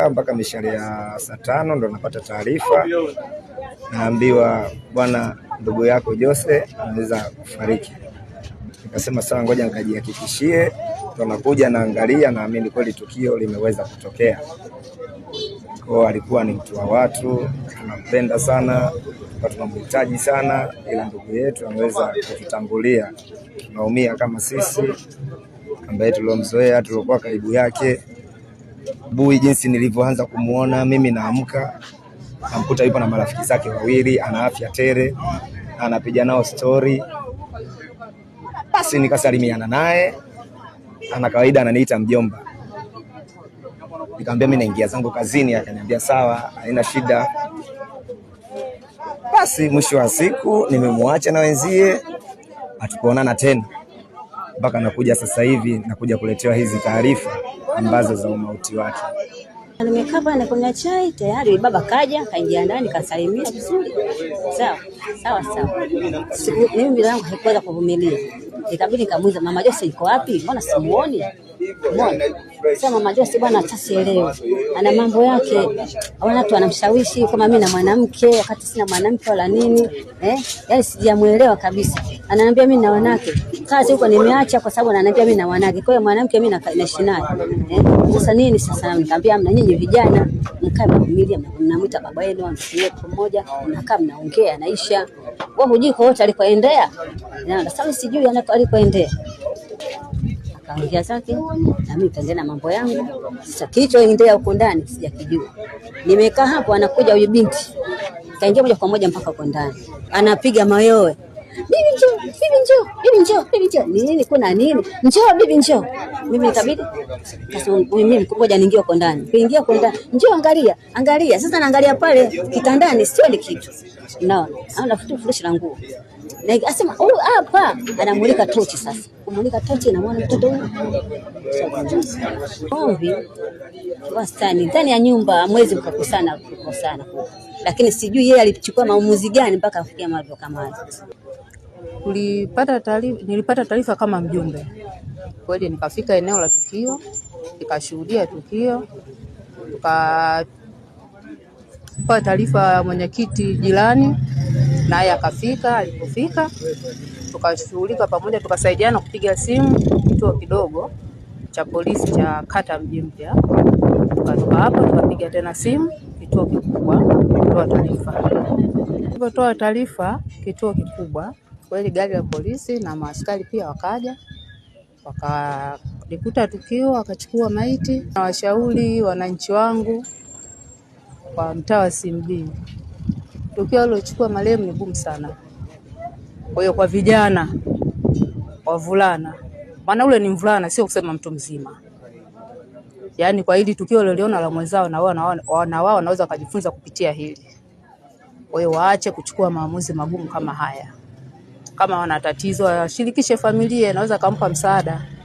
Ah, mpaka mishale ya saa tano ndo napata taarifa, naambiwa bwana, ndugu yako Jose anaweza kufariki. Nikasema sawa, ngoja nikajihakikishie, tunakuja naangalia, naamini kweli tukio limeweza kutokea. Kwa alikuwa ni mtu wa watu, tunampenda sana, tuka tunamhitaji sana, ila ndugu yetu ameweza kututangulia. Tunaumia kama sisi ambaye tuliomzoea, tuliokuwa karibu yake. Bui, jinsi nilivyoanza kumuona mimi, naamka namkuta yupo na marafiki zake wawili, ana afya tele, anapiga nao stori basi nikasalimiana naye, ana kawaida ananiita mjomba. Nikamwambia mimi naingia zangu kazini, akaniambia sawa, haina shida. Basi mwisho wa siku nimemwacha na wenzie, hatukuonana tena mpaka nakuja sasa hivi, nakuja kuletewa hizi taarifa ambazo za umauti wake. Na Nimekaa pale nakunywa chai tayari, baba kaja kaingia ndani kasalimia vizuri, sawa sawa sawa. Siku mimi bila yangu haikuweza kuvumilia, ikabidi nikamuuliza mama Jose iko wapi, mbona simuoni? Mbona sasa mama Jose bwana, hata sielewi, ana mambo yake, aona tu anamshawishi kama mimi na mwanamke, wakati sina mwanamke wala nini eh, yani sijamuelewa kabisa. Ananiambia mimi na wanawake kazi huko nimeacha, kwa sababu ananiambia mimi na wanawake, kwa hiyo mwanamke mimi naishi naye eh. Sasa nini sasa? Nikamwambia mna nyinyi nyinyi vijana mkaa mnavumilia, mnamwita baba yenu, amsikie pamoja, mnakaa mnaongea, anaisha. Wewe hujui kwa wote alikoendea, na sasa sijui alikoendea. Akaongea zake na mimi kaendelea na mambo yangu. Sasa kilichoendea huko ndani sijakijua. Nimekaa hapo, anakuja huyu binti, kaingia moja kwa moja mpaka huko ndani, anapiga mayowe bibi njoo, bibi njoo, bibi njoo, bibi njoo, ni nini kuna nini? Njoo bibi njoo. Mimi nitabidi sasa, mimi ngoja niingie huko ndani, kuingia huko ndani, njoo angalia, angalia. Sasa naangalia pale kitandani, sio ni kitu, naona ana futu furushi la nguo na asema oh, hapa anamulika tochi sasa, kumulika tochi namwona mtoto huyu hivi wastani ndani ya nyumba mwezi mkakusana kukosana, lakini sijui yeye alichukua maamuzi gani mpaka afikia mahali kama hayo. Tulipata taarifa, nilipata taarifa kama mjumbe kweli, nikafika eneo la tukio, nikashuhudia tukio, tukapata taarifa mwenyekiti jirani, naye akafika. Alipofika tukashughulika pamoja, tukasaidiana kupiga simu kituo kidogo cha polisi cha kata Mji Mpya. Tukatoka hapo tukapiga tena simu kituo kikubwa kutoa taarifa, tulipotoa taarifa kituo kikubwa Kweli gari la polisi na maaskari pia wakaja wakalikuta tukio, wakachukua maiti. Na washauri wananchi wangu kwa mtaa wa CMB, tukio aliochukua marehemu ni gumu sana. Kwa hiyo kwa vijana wavulana, maana ule ni mvulana, sio kusema mtu mzima Yaani kwa hili tukio liliona la mwenzao, na wao na wao wanaweza wakajifunza kupitia hili. Kwa hiyo waache kuchukua maamuzi magumu kama haya kama wana tatizo, washirikishe familia, inaweza akampa msaada.